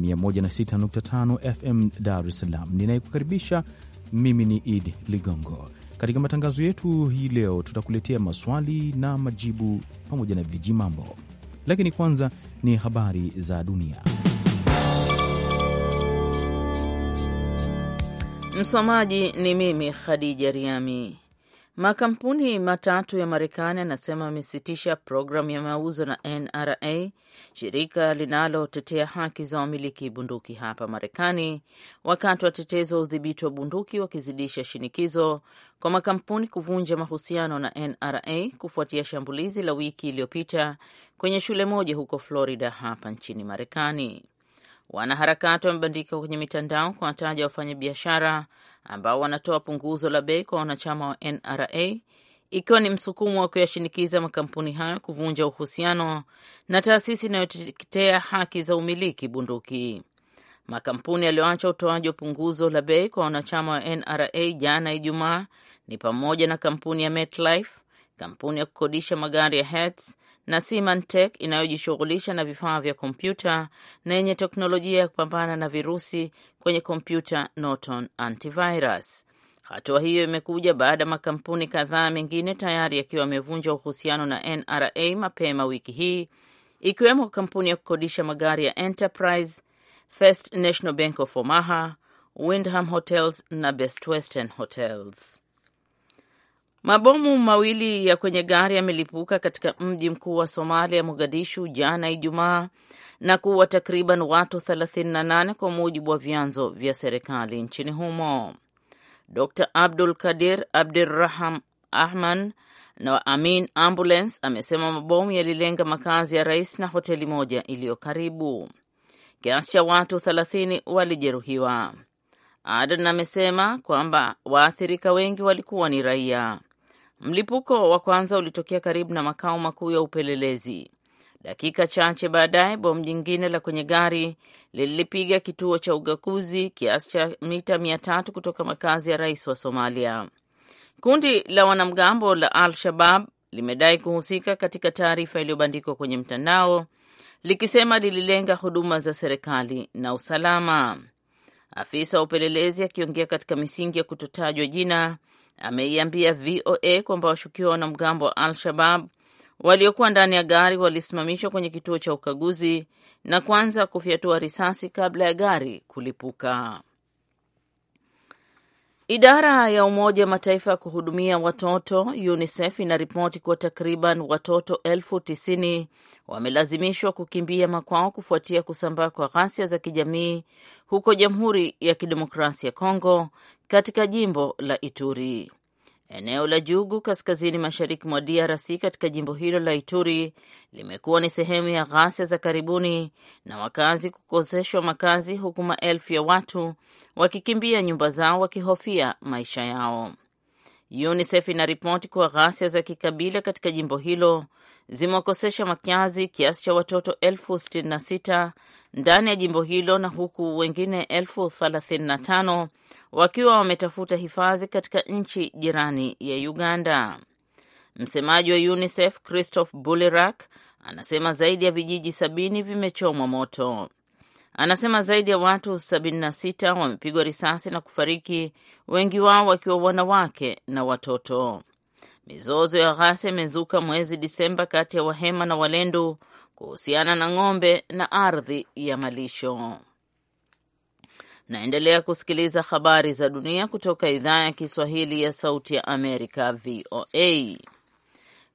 106.5 FM Dar es Salaam. Ninayekukaribisha mimi ni Idi Ligongo. Katika matangazo yetu hii leo, tutakuletea maswali na majibu pamoja na viji mambo, lakini kwanza ni habari za dunia. Msomaji ni mimi Khadija Riami. Makampuni matatu ya Marekani yanasema amesitisha programu ya mauzo na NRA, shirika linalotetea haki za wamiliki bunduki hapa Marekani, wakati watetezi wa udhibiti wa bunduki wakizidisha shinikizo kwa makampuni kuvunja mahusiano na NRA kufuatia shambulizi la wiki iliyopita kwenye shule moja huko Florida hapa nchini Marekani. Wanaharakati wamebandika kwenye mitandao kwa wataja wafanyabiashara ambao wanatoa punguzo la bei kwa wanachama wa NRA ikiwa ni msukumo wa kuyashinikiza makampuni hayo kuvunja uhusiano na taasisi inayotetea haki za umiliki bunduki. Makampuni yaliyoacha utoaji wa punguzo la bei kwa wanachama wa NRA jana Ijumaa ni pamoja na kampuni ya MetLife, kampuni ya kukodisha magari ya Hertz na Symantec inayojishughulisha na vifaa vya kompyuta na yenye teknolojia ya kupambana na virusi kwenye kompyuta Norton Antivirus. Hatua hiyo imekuja baada ya makampuni kadhaa mengine tayari yakiwa yamevunja uhusiano na NRA mapema wiki hii, ikiwemo kampuni ya kukodisha magari ya Enterprise, First National Bank of Omaha, Windham Hotels na Best Western Hotels. Mabomu mawili ya kwenye gari yamelipuka katika mji mkuu wa Somalia, Mogadishu, jana Ijumaa na kuua takriban watu 38 kwa mujibu wa vyanzo vya serikali nchini humo. Dr Abdul Kadir Abdurraham Ahman na Amin Ambulance amesema mabomu yalilenga makazi ya rais na hoteli moja iliyo karibu. Kiasi cha watu 30 walijeruhiwa. Adan amesema kwamba waathirika wengi walikuwa ni raia. Mlipuko wa kwanza ulitokea karibu na makao makuu ya upelelezi. Dakika chache baadaye, bomu jingine la kwenye gari lilipiga kituo cha ugakuzi kiasi cha mita mia tatu kutoka makazi ya rais wa Somalia. Kundi la wanamgambo la Al-Shabab limedai kuhusika katika taarifa iliyobandikwa kwenye mtandao likisema lililenga huduma za serikali na usalama. Afisa wa upelelezi akiongea katika misingi ya kutotajwa jina ameiambia VOA kwamba washukiwa wanamgambo wa Al-Shabab waliokuwa ndani ya gari walisimamishwa kwenye kituo cha ukaguzi na kuanza kufyatua risasi kabla ya gari kulipuka. Idara ya Umoja wa Mataifa ya kuhudumia watoto UNICEF inaripoti kuwa takriban watoto elfu tisini wamelazimishwa kukimbia makwao kufuatia kusambaa kwa ghasia za kijamii huko Jamhuri ya Kidemokrasia ya Kongo katika jimbo la Ituri. Eneo la Jugu kaskazini mashariki mwa DRC katika jimbo hilo la Ituri limekuwa ni sehemu ya ghasia za karibuni na wakazi kukoseshwa makazi, huku maelfu ya watu wakikimbia nyumba zao wakihofia maisha yao. UNICEF inaripoti kuwa ghasia za kikabila katika jimbo hilo zimewakosesha makazi kiasi cha watoto elfu sitini na sita ndani ya jimbo hilo na huku wengine elfu thelathini na tano wakiwa wametafuta hifadhi katika nchi jirani ya Uganda. Msemaji wa UNICEF christoph Bulirak anasema zaidi ya vijiji sabini vimechomwa moto. Anasema zaidi ya watu 76 wamepigwa risasi na kufariki, wengi wao wakiwa wanawake na watoto. Mizozo ya ghasia imezuka mwezi Disemba kati ya Wahema na Walendu kuhusiana na ng'ombe na ardhi ya malisho. Naendelea kusikiliza habari za dunia kutoka idhaa ya Kiswahili ya Sauti ya Amerika, VOA.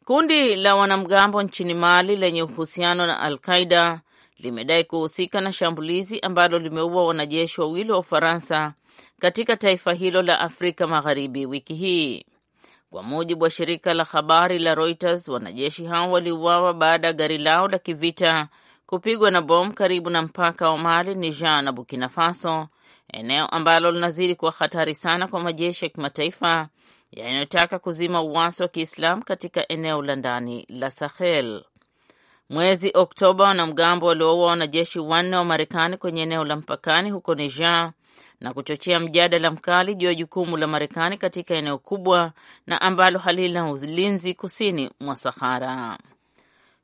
Kundi la wanamgambo nchini Mali lenye uhusiano na Al Qaida limedai kuhusika na shambulizi ambalo limeua wanajeshi wawili wa Ufaransa katika taifa hilo la Afrika Magharibi wiki hii. Kwa mujibu wa shirika la habari la Reuters, wanajeshi hao waliuawa baada ya gari lao la kivita kupigwa na bomu karibu na mpaka wa Mali, Niger na Burkina Faso, eneo ambalo linazidi kuwa hatari sana kwa majeshi ya kimataifa yanayotaka kuzima uasi wa Kiislamu katika eneo la ndani la Sahel. Mwezi Oktoba, wanamgambo walioua wanajeshi wanne wa Marekani kwenye eneo la mpakani huko Niger na kuchochea mjadala mkali juu ya jukumu la Marekani katika eneo kubwa na ambalo halina ulinzi kusini mwa Sahara.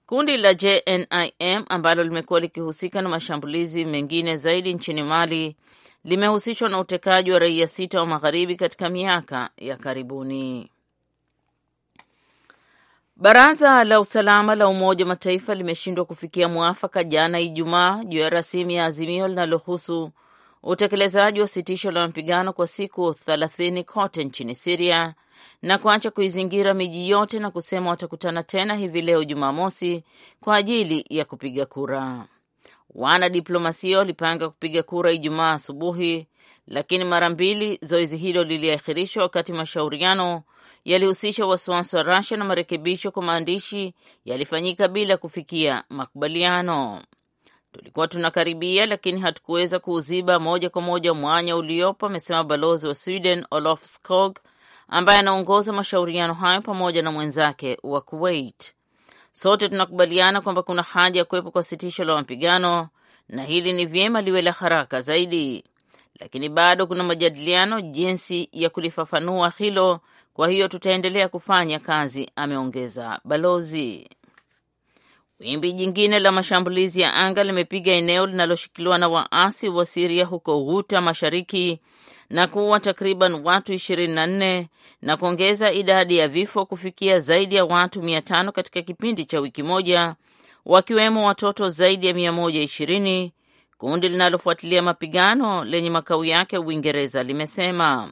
Kundi la JNIM ambalo limekuwa likihusika na mashambulizi mengine zaidi nchini Mali limehusishwa na utekaji wa raia sita wa magharibi katika miaka ya karibuni. Baraza la usalama la Umoja wa Mataifa limeshindwa kufikia mwafaka jana Ijumaa juu ya rasimu ya azimio linalohusu utekelezaji wa sitisho la mapigano kwa siku thelathini kote nchini Siria na kuacha kuizingira miji yote na kusema watakutana tena hivi leo Jumamosi kwa ajili ya kupiga kura. Wanadiplomasia walipanga kupiga kura Ijumaa asubuhi, lakini mara mbili zoezi hilo liliahirishwa wakati mashauriano yalihusisha wasiwasi wa Russia na marekebisho kwa maandishi yalifanyika bila kufikia makubaliano. Tulikuwa tunakaribia lakini hatukuweza kuuziba moja kwa moja mwanya uliopo, amesema balozi wa Sweden Olof Skog ambaye anaongoza mashauriano hayo pamoja na mwenzake wa Kuwait. Sote tunakubaliana kwamba kuna haja ya kuwepo kwa sitisho la mapigano na hili ni vyema liwe la haraka zaidi, lakini bado kuna majadiliano jinsi ya kulifafanua hilo. Kwa hiyo tutaendelea kufanya kazi, ameongeza balozi. Wimbi jingine la mashambulizi ya anga limepiga eneo linaloshikiliwa na waasi wa Siria huko Ghuta mashariki na kuua takriban watu 24 na kuongeza idadi ya vifo kufikia zaidi ya watu 500 katika kipindi cha wiki moja, wakiwemo watoto zaidi ya 120. Kundi linalofuatilia mapigano lenye makao yake Uingereza limesema.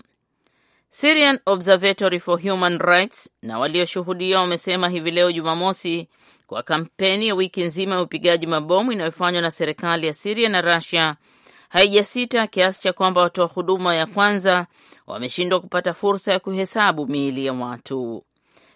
Syrian Observatory for Human Rights na walioshuhudia wamesema hivi leo Jumamosi kwa kampeni ya wiki nzima ya upigaji mabomu inayofanywa na serikali ya Siria na Rasia haijasita kiasi cha kwamba watoa huduma ya kwanza wameshindwa kupata fursa ya kuhesabu miili ya watu.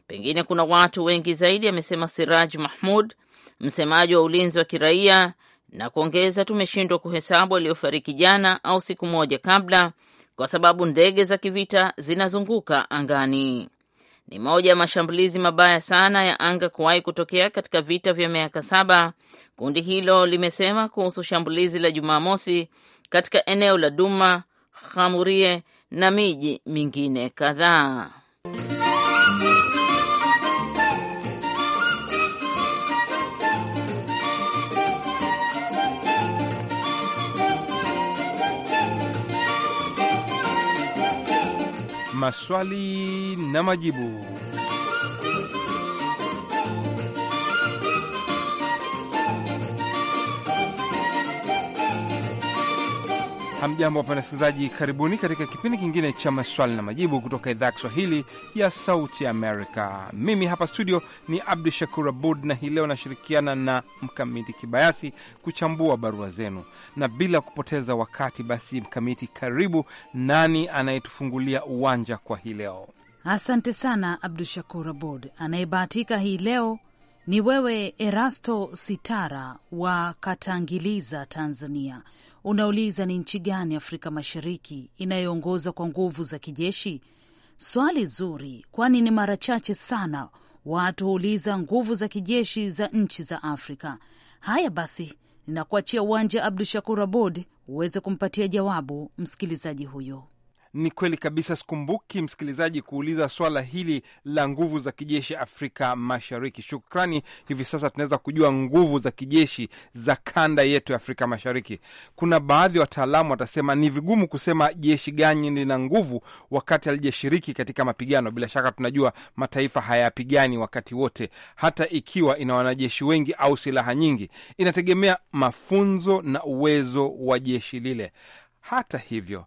Pengine kuna watu wengi zaidi, amesema Siraj Mahmud, msemaji wa ulinzi wa kiraia, na kuongeza, tumeshindwa kuhesabu waliofariki jana au siku moja kabla, kwa sababu ndege za kivita zinazunguka angani ni moja ya mashambulizi mabaya sana ya anga kuwahi kutokea katika vita vya miaka saba, kundi hilo limesema kuhusu shambulizi la Jumamosi katika eneo la Duma, Khamurie na miji mingine kadhaa. maswali na majibu. Hamjambo, wapenda wasikilizaji, karibuni katika kipindi kingine cha maswali na majibu kutoka idhaa ya Kiswahili ya Sauti Amerika. Mimi hapa studio ni Abdu Shakur Abud, na hii leo nashirikiana na Mkamiti Kibayasi kuchambua barua zenu, na bila kupoteza wakati, basi Mkamiti, karibu. Nani anayetufungulia uwanja kwa hii leo? Asante sana Abdu Shakur Abud. Anayebahatika hii leo ni wewe Erasto Sitara wa Katangiliza, Tanzania unauliza ni nchi gani Afrika Mashariki inayoongoza kwa nguvu za kijeshi? Swali zuri, kwani ni mara chache sana watu huuliza nguvu za kijeshi za nchi za Afrika. Haya basi, ninakuachia uwanja Abdu Shakur Abud uweze kumpatia jawabu msikilizaji huyo. Ni kweli kabisa. Sikumbuki msikilizaji kuuliza swala hili la nguvu za kijeshi Afrika Mashariki. Shukrani. Hivi sasa tunaweza kujua nguvu za kijeshi za kanda yetu ya Afrika Mashariki. Kuna baadhi ya wataalamu watasema ni vigumu kusema jeshi gani lina nguvu wakati halijashiriki katika mapigano. Bila shaka tunajua mataifa hayapigani wakati wote, hata ikiwa ina wanajeshi wengi au silaha nyingi, inategemea mafunzo na uwezo wa jeshi lile. Hata hivyo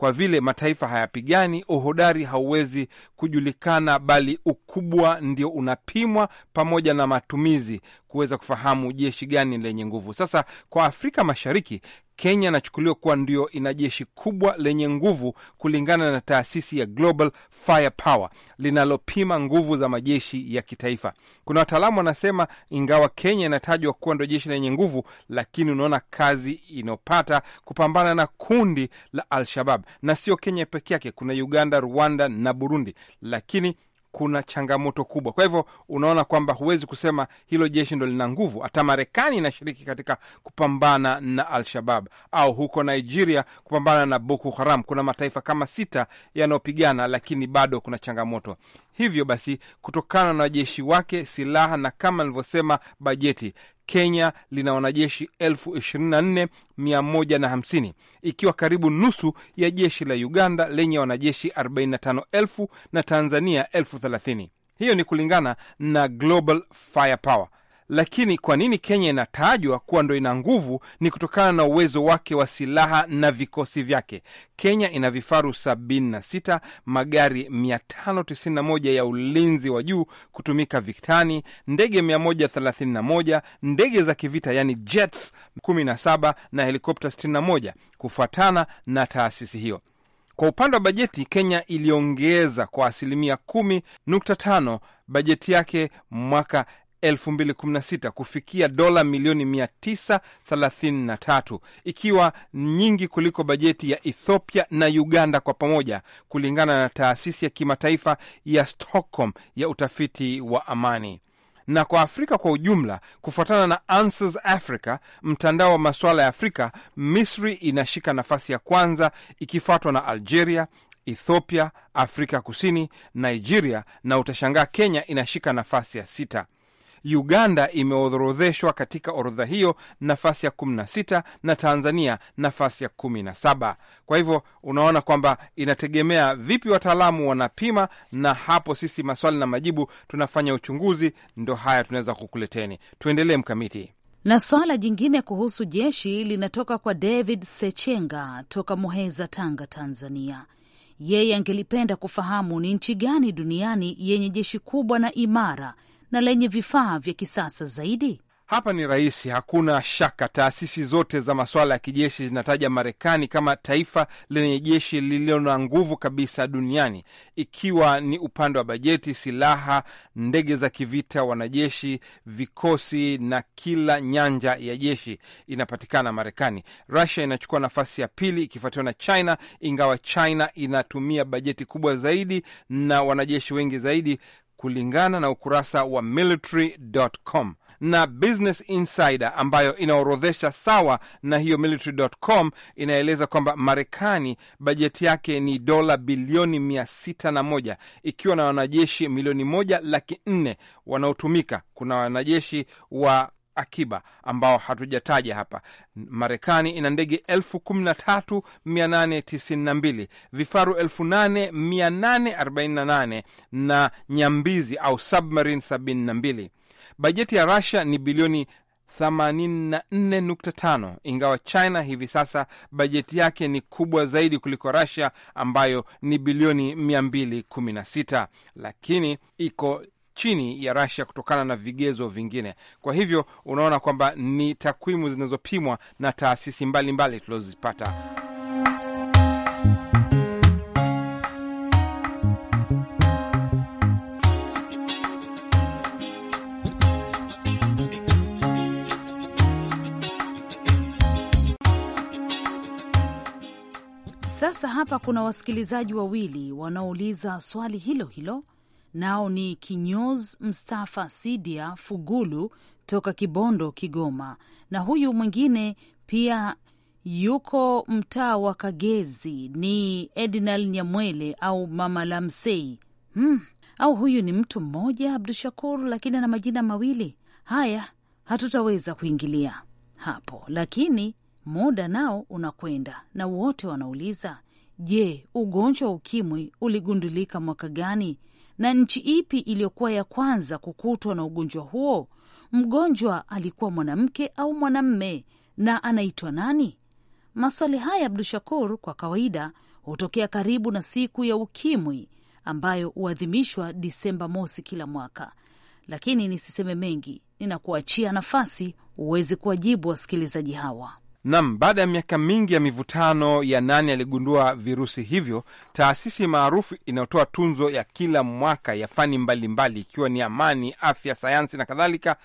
kwa vile mataifa hayapigani, uhodari hauwezi kujulikana, bali ukubwa ndio unapimwa pamoja na matumizi, kuweza kufahamu jeshi gani lenye nguvu. Sasa kwa Afrika Mashariki Kenya inachukuliwa kuwa ndio ina jeshi kubwa lenye nguvu kulingana na taasisi ya Global Firepower linalopima nguvu za majeshi ya kitaifa. Kuna wataalamu wanasema ingawa Kenya inatajwa kuwa ndio jeshi lenye nguvu, lakini unaona kazi inayopata kupambana na kundi la Al-Shabab. Na sio Kenya peke yake, kuna Uganda, Rwanda na Burundi, lakini kuna changamoto kubwa. Kwa hivyo unaona kwamba huwezi kusema hilo jeshi ndo lina nguvu. Hata Marekani inashiriki katika kupambana na Al-Shabab au huko Nigeria kupambana na Boko Haram. Kuna mataifa kama sita yanayopigana, lakini bado kuna changamoto. Hivyo basi, kutokana na wajeshi wake, silaha na kama nilivyosema, bajeti Kenya lina wanajeshi 24150 ikiwa karibu nusu ya jeshi la Uganda lenye wanajeshi 45 na Tanzania 30 Hiyo ni kulingana na Global Firepower lakini kwa nini Kenya inatajwa kuwa ndo ina nguvu? Ni kutokana na uwezo wake wa silaha na vikosi vyake. Kenya ina vifaru 76, magari 591 ya ulinzi wa juu kutumika vitani, ndege 131, ndege za kivita yani jets 17 na helikopta 61, kufuatana na taasisi hiyo. Kwa upande wa bajeti, Kenya iliongeza kwa asilimia 10.5 bajeti yake mwaka 2016 kufikia dola milioni 933 ikiwa nyingi kuliko bajeti ya Ethiopia na Uganda kwa pamoja, kulingana na taasisi ya kimataifa ya Stockholm ya utafiti wa amani na kwa Afrika kwa ujumla, kufuatana na Answers Africa, mtandao wa masuala ya Afrika, Misri inashika nafasi ya kwanza ikifuatwa na Algeria, Ethiopia, Afrika Kusini, Nigeria na utashangaa Kenya inashika nafasi ya sita. Uganda imeorodheshwa katika orodha hiyo nafasi ya 16 na Tanzania nafasi ya 17. Kwa hivyo unaona kwamba inategemea vipi wataalamu wanapima, na hapo sisi maswali na majibu tunafanya uchunguzi, ndo haya tunaweza kukuleteni. Tuendelee mkamiti na swala jingine kuhusu jeshi linatoka kwa David Sechenga toka Muheza, Tanga, Tanzania. Yeye angelipenda kufahamu ni nchi gani duniani yenye jeshi kubwa na imara na lenye vifaa vya kisasa zaidi? Hapa ni rahisi, hakuna shaka. Taasisi zote za masuala ya kijeshi zinataja Marekani kama taifa lenye jeshi lililo na nguvu kabisa duniani, ikiwa ni upande wa bajeti, silaha, ndege za kivita, wanajeshi, vikosi na kila nyanja ya jeshi inapatikana Marekani. Rusia inachukua nafasi ya pili ikifuatiwa na China, ingawa China inatumia bajeti kubwa zaidi na wanajeshi wengi zaidi kulingana na ukurasa wa military.com na Business Insider ambayo inaorodhesha sawa na hiyo military.com, inaeleza kwamba Marekani bajeti yake ni dola bilioni mia sita na moja ikiwa na wanajeshi milioni moja laki nne wanaotumika. Kuna wanajeshi wa akiba ambao hatujataja hapa. Marekani ina ndege elfu kumi na tatu mia nane tisini na mbili vifaru elfu nane mia nane arobaini na nane na nyambizi au submarine sabini na mbili. Bajeti ya rasia ni bilioni 84.5 ingawa China hivi sasa bajeti yake ni kubwa zaidi kuliko Russia ambayo ni bilioni 216, lakini iko chini ya rasia kutokana na vigezo vingine. Kwa hivyo unaona kwamba ni takwimu zinazopimwa na taasisi mbalimbali tulizozipata. Sasa hapa kuna wasikilizaji wawili wanaouliza swali hilo hilo nao ni Kinyoz Mstafa Sidia Fugulu toka Kibondo, Kigoma, na huyu mwingine pia yuko mtaa wa Kagezi ni Edinal Nyamwele au Mama Lamsei. Hmm, au huyu ni mtu mmoja Abdu Shakur, lakini ana majina mawili haya hatutaweza kuingilia hapo, lakini muda nao unakwenda na wote wanauliza, je, ugonjwa wa ukimwi uligundulika mwaka gani? na nchi ipi iliyokuwa ya kwanza kukutwa na ugonjwa huo? Mgonjwa alikuwa mwanamke au mwanamme, na anaitwa nani? Maswali haya Abdu Shakur, kwa kawaida hutokea karibu na siku ya Ukimwi ambayo huadhimishwa Disemba mosi kila mwaka, lakini nisiseme mengi, ninakuachia nafasi uweze kuwajibu wasikilizaji hawa. Nam, baada ya miaka mingi ya mivutano ya nani aligundua virusi hivyo, taasisi maarufu inayotoa tunzo ya kila mwaka ya fani mbalimbali ikiwa mbali, ni amani, afya, sayansi na kadhalika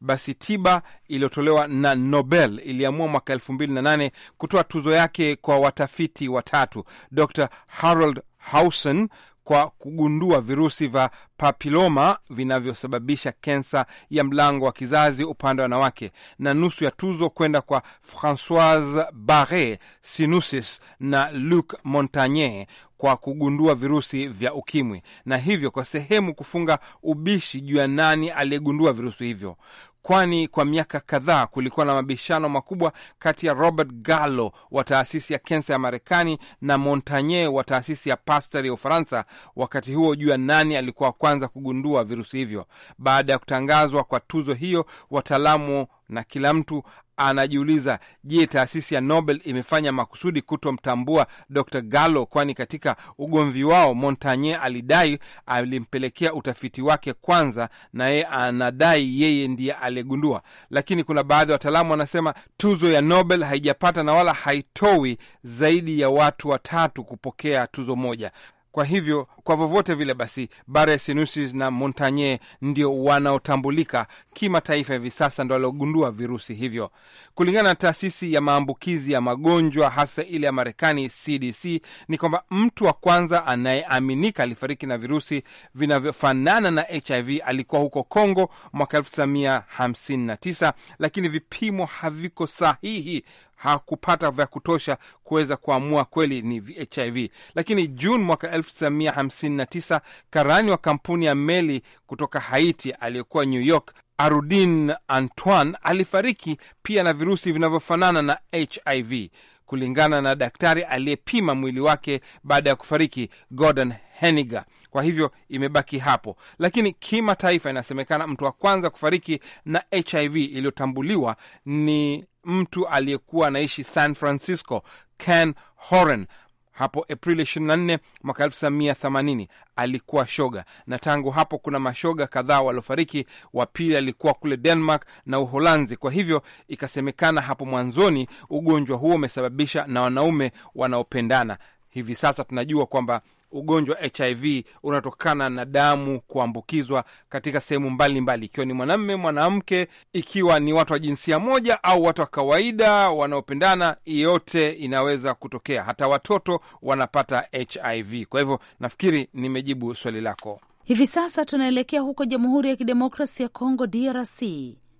basi tiba iliyotolewa na Nobel iliamua mwaka elfu mbili na nane kutoa tuzo yake kwa watafiti watatu Dr Harold Hausen kwa kugundua virusi vya papiloma vinavyosababisha kensa ya mlango wa kizazi upande wa wanawake, na nusu ya tuzo kwenda kwa Francoise Barre Sinusis na Luc Montagnier kwa kugundua virusi vya ukimwi na hivyo kwa sehemu kufunga ubishi juu ya nani aliyegundua virusi hivyo, kwani kwa miaka kadhaa kulikuwa na mabishano makubwa kati ya Robert Gallo wa taasisi ya kensa ya Marekani na Montagnier wa taasisi ya Pasteur ya Ufaransa wakati huo juu ya nani alikuwa kwanza kugundua virusi hivyo. Baada ya kutangazwa kwa tuzo hiyo, wataalamu na kila mtu anajiuliza je, taasisi ya Nobel imefanya makusudi kutomtambua Dr Gallo? Kwani katika ugomvi wao Montagnier alidai alimpelekea utafiti wake kwanza, na yeye anadai yeye ndiye aliyegundua. Lakini kuna baadhi ya wataalamu wanasema tuzo ya Nobel haijapata na wala haitowi zaidi ya watu watatu kupokea tuzo moja. Kwa hivyo kwa vovote vile basi, barre Sinusis na Montagnier ndio wanaotambulika kimataifa hivi sasa, ndo waliogundua virusi hivyo. Kulingana na taasisi ya maambukizi ya magonjwa hasa ile ya Marekani, CDC, ni kwamba mtu wa kwanza anayeaminika alifariki na virusi vinavyofanana na HIV alikuwa huko congo mwaka 1959 lakini vipimo haviko sahihi hakupata vya kutosha kuweza kuamua kweli ni HIV. Lakini Juni mwaka 1959 karani wa kampuni ya meli kutoka Haiti aliyekuwa New York Arudin Antoine alifariki pia na virusi vinavyofanana na HIV, kulingana na daktari aliyepima mwili wake baada ya kufariki Gordon Heniger. Kwa hivyo imebaki hapo, lakini kimataifa inasemekana mtu wa kwanza kufariki na HIV iliyotambuliwa ni mtu aliyekuwa anaishi San Francisco, Ken Horen hapo Aprili 24 mwaka 1980 alikuwa shoga, na tangu hapo kuna mashoga kadhaa waliofariki. Wa pili alikuwa kule Denmark na Uholanzi. Kwa hivyo ikasemekana hapo mwanzoni ugonjwa huo umesababisha na wanaume wanaopendana. Hivi sasa tunajua kwamba ugonjwa wa HIV unatokana na damu kuambukizwa katika sehemu mbalimbali, ikiwa ni mwanamme, mwanamke, ikiwa ni watu wa jinsia moja au watu wa kawaida wanaopendana, yote inaweza kutokea. Hata watoto wanapata HIV. Kwa hivyo nafikiri nimejibu swali lako. Hivi sasa tunaelekea huko Jamhuri ya Kidemokrasi ya Kongo, DRC,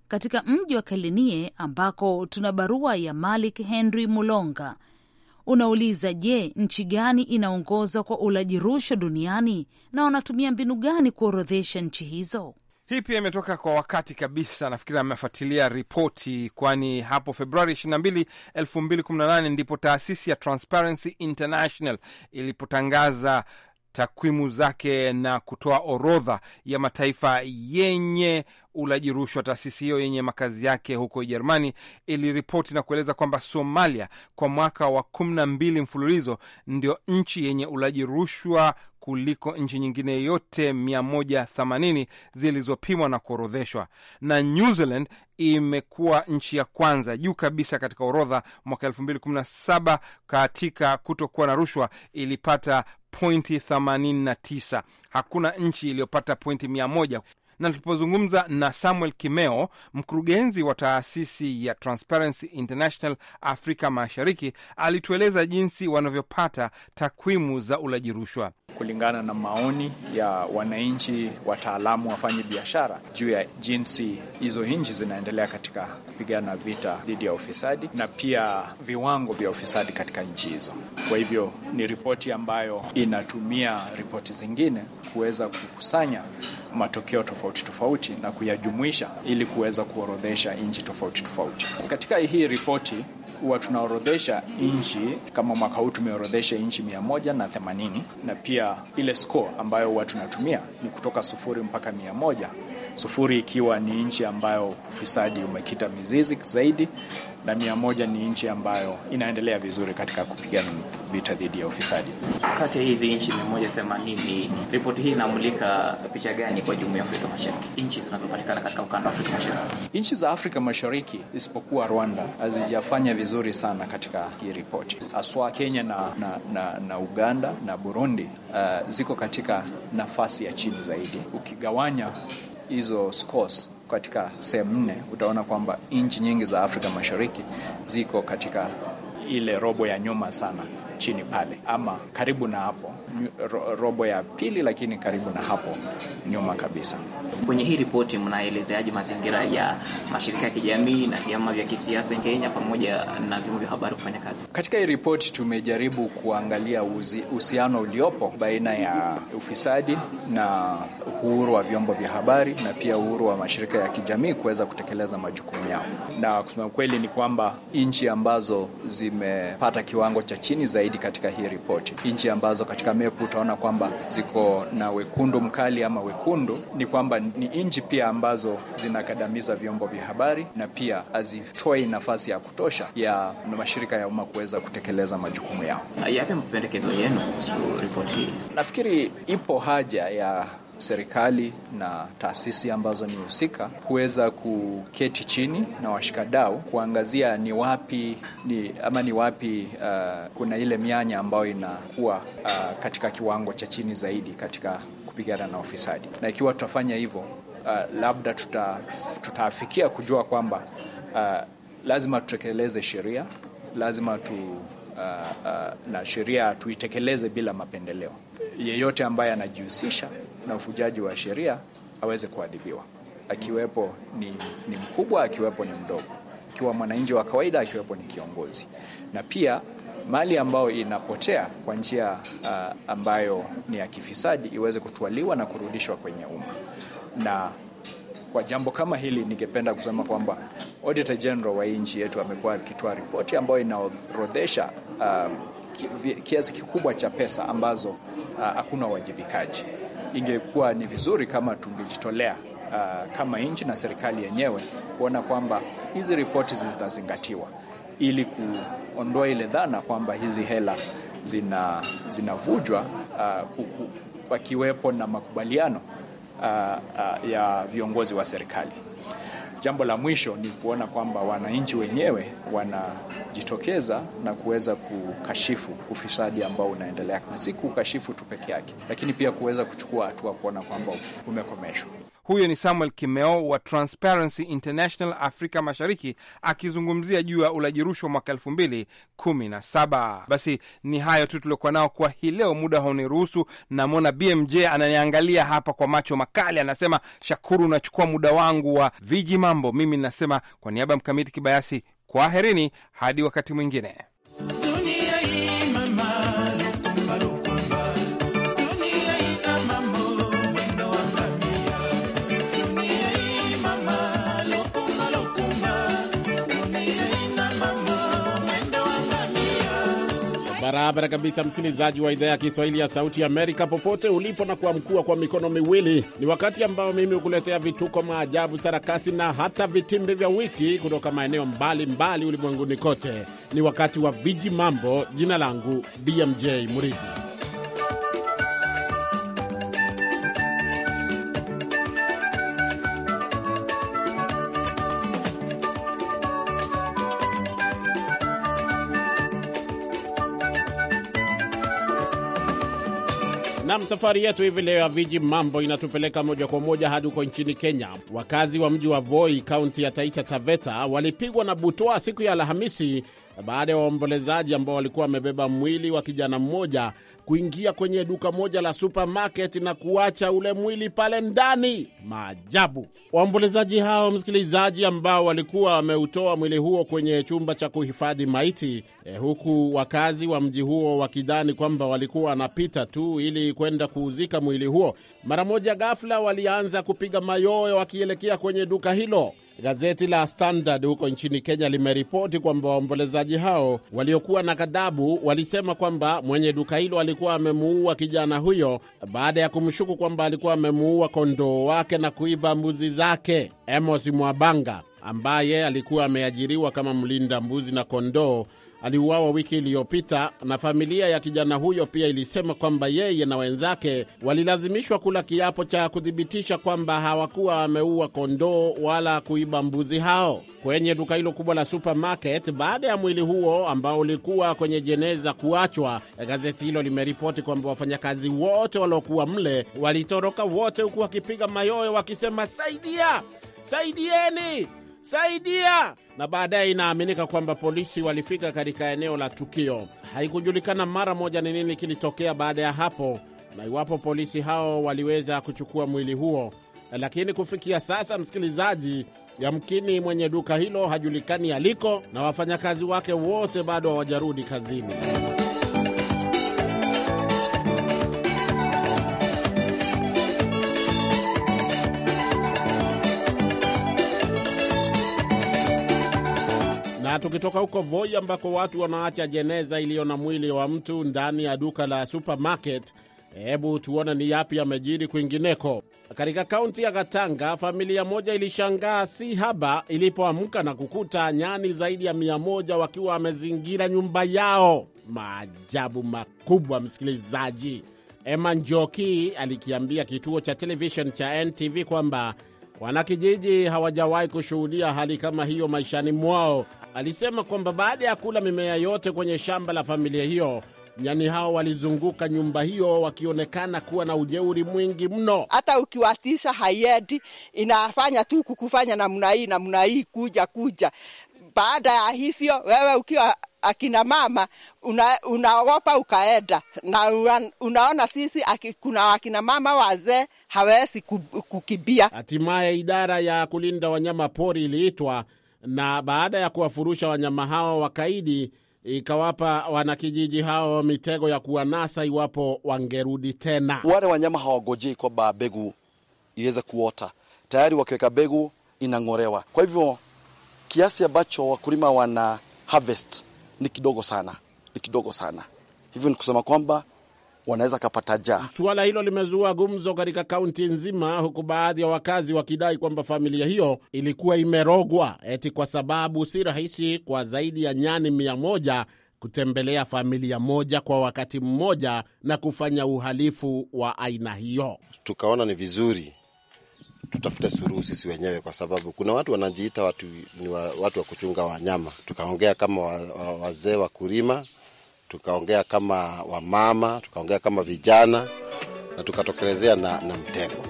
katika mji wa Kalinie ambako tuna barua ya Malik Henry Mulonga unauliza je, nchi gani inaongoza kwa ulaji rushwa duniani na wanatumia mbinu gani kuorodhesha nchi hizo? Hii pia imetoka kwa wakati kabisa. Nafikiri amefuatilia ripoti, kwani hapo Februari 22, 2018 ndipo taasisi ya Transparency International ilipotangaza takwimu zake na kutoa orodha ya mataifa yenye ulaji rushwa. Taasisi hiyo yenye makazi yake huko Ujerumani iliripoti na kueleza kwamba Somalia kwa mwaka wa kumi na mbili mfululizo ndio nchi yenye ulaji rushwa kuliko nchi nyingine yote 180 zilizopimwa na kuorodheshwa. Na New Zealand imekuwa nchi ya kwanza juu kabisa katika orodha. Mwaka 2017 katika kutokuwa na rushwa ilipata pointi 89. Hakuna nchi iliyopata pointi mia moja na tulipozungumza na Samuel Kimeo, mkurugenzi wa taasisi ya Transparency International Afrika Mashariki, alitueleza jinsi wanavyopata takwimu za ulaji rushwa kulingana na maoni ya wananchi, wataalamu, wafanya biashara juu ya jinsi hizo nchi zinaendelea katika kupigana vita dhidi ya ufisadi na pia viwango vya ufisadi katika nchi hizo. Kwa hivyo ni ripoti ambayo inatumia ripoti zingine kuweza kukusanya matokeo tofauti tofauti na kuyajumuisha ili kuweza kuorodhesha nchi tofauti tofauti. Katika hii ripoti huwa tunaorodhesha nchi kama mwaka huu tumeorodhesha nchi mia moja na themanini na pia ile score ambayo huwa tunatumia ni kutoka sufuri mpaka mia moja sufuri ikiwa ni nchi ambayo ufisadi umekita mizizi zaidi, na mia moja ni nchi ambayo inaendelea vizuri katika kupigana vita dhidi ya ufisadi. Kati ya hizi nchi mia moja themanini, ripoti hii inamulika picha gani kwa jumuiya ya Afrika Mashariki, nchi zinazopatikana katika ukanda wa Afrika Mashariki? Nchi za Afrika Mashariki isipokuwa Rwanda hazijafanya vizuri sana katika hii ripoti, haswa Kenya na, na, na, na Uganda na Burundi uh, ziko katika nafasi ya chini zaidi. Ukigawanya hizo scores katika sehemu nne, utaona kwamba nchi nyingi za Afrika Mashariki ziko katika ile robo ya nyuma sana chini pale ama karibu na hapo ro, robo ya pili, lakini karibu na hapo nyuma kabisa. Kwenye hii ripoti mnaelezeaje mazingira ya mashirika ya kijamii na vyama vya kisiasa Kenya pamoja na vyombo vya habari kufanya kazi? Katika hii ripoti tumejaribu kuangalia uhusiano uliopo baina ya ufisadi na uhuru wa vyombo vya habari na pia uhuru wa mashirika ya kijamii kuweza kutekeleza majukumu yao, na kusema kweli ni kwamba nchi ambazo zimepata kiwango cha chini zaidi katika hii ripoti, nchi ambazo katika mepu utaona kwamba ziko na wekundu mkali ama wekundu, ni kwamba ni nchi pia ambazo zinakadamiza vyombo vya habari na pia hazitoi nafasi ya kutosha ya mashirika ya umma kuweza kutekeleza majukumu yao. Yapi mapendekezo yenu kuhusu ripoti hii? Nafikiri ipo haja ya serikali na taasisi ambazo ni husika kuweza kuketi chini na washikadau kuangazia ni wapi ni, ama ni wapi uh, kuna ile mianya ambayo inakuwa uh, katika kiwango cha chini zaidi katika kupigana na ufisadi, na ikiwa tutafanya hivyo uh, labda tuta, tutaafikia kujua kwamba uh, lazima tutekeleze sheria, lazima tu Uh, uh, na sheria tuitekeleze bila mapendeleo. Yeyote ambaye anajihusisha na ufujaji wa sheria aweze kuadhibiwa, akiwepo ni, ni mkubwa, akiwepo ni mdogo, akiwa mwananchi wa kawaida, akiwepo ni kiongozi. Na pia mali ambayo inapotea kwa njia uh, ambayo ni ya kifisadi iweze kutwaliwa na kurudishwa kwenye umma. Na kwa jambo kama hili, ningependa kusema kwamba Auditor General wa nchi yetu amekuwa akitoa ripoti ambayo inaorodhesha uh, kiasi kikubwa cha pesa ambazo hakuna uh, uwajibikaji ingekuwa ni vizuri kama tungejitolea uh, kama nchi na serikali yenyewe kuona kwamba hizi ripoti zitazingatiwa ili kuondoa ile dhana kwamba hizi hela zina zinavujwa uh, pakiwepo na makubaliano uh, uh, ya viongozi wa serikali. Jambo la mwisho ni kuona kwamba wananchi wenyewe wanajitokeza na kuweza kukashifu ufisadi ambao unaendelea, na si kukashifu tu peke yake, lakini pia kuweza kuchukua hatua kuona kwamba umekomeshwa. Huyo ni Samuel Kimeo wa Transparency International Afrika Mashariki akizungumzia juu ya ulaji rushwa mwaka elfu mbili kumi na saba. Basi ni hayo tu tuliokuwa nao kwa hii leo, muda hauniruhusu. Namwona BMJ ananiangalia hapa kwa macho makali, anasema Shakuru, unachukua muda wangu wa viji mambo. Mimi ninasema kwa niaba ya Mkamiti Kibayasi, kwaherini hadi wakati mwingine. Barabara kabisa, msikilizaji wa idhaa ya Kiswahili ya Sauti Amerika, popote ulipo na kuamkua kwa mikono miwili, ni wakati ambao mimi hukuletea vituko, maajabu, sarakasi na hata vitimbi vya wiki kutoka maeneo mbalimbali ulimwenguni kote. Ni wakati wa viji mambo. Jina langu BMJ Murithi. Safari yetu hivi leo ya viji mambo inatupeleka moja kwa moja hadi huko nchini Kenya. Wakazi wa mji wa Voi, kaunti ya Taita Taveta, walipigwa na butoa siku ya Alhamisi baada ya waombolezaji ambao walikuwa wamebeba mwili wa kijana mmoja kuingia kwenye duka moja la supermarket na kuacha ule mwili pale ndani. Maajabu! Waombolezaji hao, msikilizaji, ambao walikuwa wameutoa mwili huo kwenye chumba cha kuhifadhi maiti eh, huku wakazi wa mji huo wakidhani kwamba walikuwa wanapita tu ili kwenda kuuzika mwili huo, mara moja ghafla walianza kupiga mayowe wakielekea kwenye duka hilo. Gazeti la Standard huko nchini Kenya limeripoti kwamba waombolezaji hao waliokuwa na ghadhabu walisema kwamba mwenye duka hilo alikuwa amemuua kijana huyo baada ya kumshuku kwamba alikuwa amemuua kondoo wake na kuiba mbuzi zake. Amos Mwabanga ambaye alikuwa ameajiriwa kama mlinda mbuzi na kondoo aliuawa wiki iliyopita, na familia ya kijana huyo pia ilisema kwamba yeye na wenzake walilazimishwa kula kiapo cha kuthibitisha kwamba hawakuwa wameua kondoo wala kuiba mbuzi hao kwenye duka hilo kubwa la supermarket. Baada ya mwili huo ambao ulikuwa kwenye jeneza kuachwa, gazeti hilo limeripoti kwamba wafanyakazi wote waliokuwa mle walitoroka wote, huku wakipiga mayowe wakisema, saidia, saidieni saidia. Na baadaye inaaminika kwamba polisi walifika katika eneo la tukio. Haikujulikana mara moja ni nini kilitokea baada ya hapo na iwapo polisi hao waliweza kuchukua mwili huo, lakini kufikia sasa, msikilizaji, yamkini mwenye duka hilo hajulikani aliko na wafanyakazi wake wote bado hawajarudi kazini. Tukitoka huko Voi ambako watu wanaacha jeneza iliyo na mwili wa mtu ndani ya duka la supermarket, hebu tuone ni yapi yamejiri kwingineko. Katika kaunti ya Katanga, familia moja ilishangaa si haba ilipoamka na kukuta nyani zaidi ya mia moja wakiwa wamezingira nyumba yao. Maajabu makubwa, msikilizaji. Ema Njoki alikiambia kituo cha televishen cha NTV kwamba wanakijiji hawajawahi kushuhudia hali kama hiyo maishani mwao, alisema kwamba baada ya kula mimea yote kwenye shamba la familia hiyo, nyani hao walizunguka nyumba hiyo wakionekana kuwa na ujeuri mwingi mno. Hata ukiwatisha haiendi, inafanya tu kukufanya namna hii namna hii, kuja kuja. Baada ya hivyo, wewe ukiwa akina mama unaogopa una ukaenda na unaona, sisi kuna akina mama wazee hawezi kukibia. Hatimaye idara ya kulinda wanyama pori iliitwa na baada ya kuwafurusha wanyama hao wakaidi, ikawapa wanakijiji hao mitego ya kuwanasa iwapo wangerudi tena. Wale wanyama hawagojei kwamba begu iweze kuota, tayari wakiweka begu inang'orewa. Kwa hivyo kiasi ambacho wakulima wana harvest ni kidogo sana, ni kidogo sana. Hivyo ni kusema kwamba wanaweza kapata jaa. Suala hilo limezua gumzo katika kaunti nzima, huku baadhi ya wakazi wakidai kwamba familia hiyo ilikuwa imerogwa eti kwa sababu si rahisi kwa zaidi ya nyani mia moja kutembelea familia moja kwa wakati mmoja na kufanya uhalifu wa aina hiyo. Tukaona ni vizuri tutafute suruhu sisi wenyewe, kwa sababu kuna watu wanajiita watu ni wa, watu wa kuchunga wanyama. Tukaongea kama wazee wa, wa, wa kulima tukaongea kama wamama, tukaongea kama vijana na tukatokelezea na, na mtego.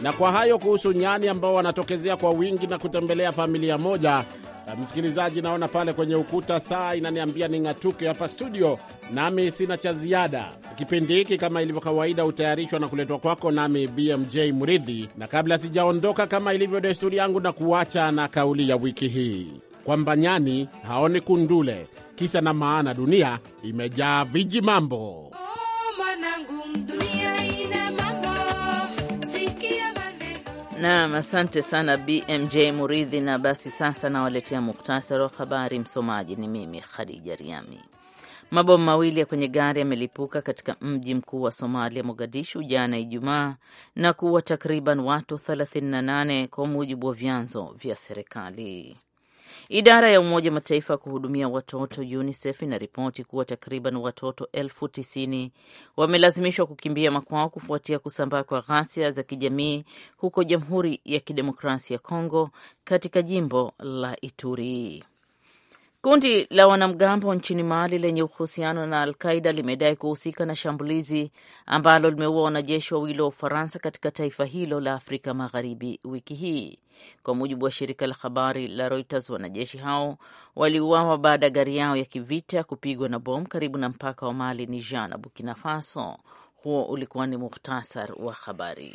Na kwa hayo kuhusu nyani ambao wanatokezea kwa wingi na kutembelea familia moja. Eh, msikilizaji, naona pale kwenye ukuta saa inaniambia ning'atuke hapa studio, nami sina cha ziada. Kipindi hiki kama ilivyo kawaida hutayarishwa na kuletwa kwako nami BMJ Muridhi, na kabla sijaondoka, kama ilivyo desturi yangu, na kuacha na kauli ya wiki hii kwamba nyani haoni kundule. Kisa na maana, dunia imejaa viji mambo. Oh, Nam, asante sana BMJ Muridhi. Na basi sasa nawaletea muktasari wa habari. Msomaji ni mimi Khadija Riami. Mabomu mawili ya kwenye gari yamelipuka katika mji mkuu wa Somalia, Mogadishu, jana Ijumaa na kuua takriban watu 38 kwa mujibu wa vyanzo vya serikali. Idara ya Umoja wa Mataifa ya kuhudumia watoto UNICEF inaripoti kuwa takriban watoto elfu tisini wamelazimishwa kukimbia makwao kufuatia kusambaa kwa ghasia za kijamii huko Jamhuri ya Kidemokrasia ya Kongo katika jimbo la Ituri. Kundi la wanamgambo nchini Mali lenye uhusiano na Alqaida limedai kuhusika na shambulizi ambalo limeua wanajeshi wawili wa Ufaransa katika taifa hilo la Afrika Magharibi wiki hii. Kwa mujibu wa shirika la habari la Reuters, wanajeshi hao waliuawa baada ya gari yao ya kivita kupigwa na bomu karibu na mpaka wa Mali, Niger na Burkina Faso. Huo ulikuwa ni muhtasar wa habari.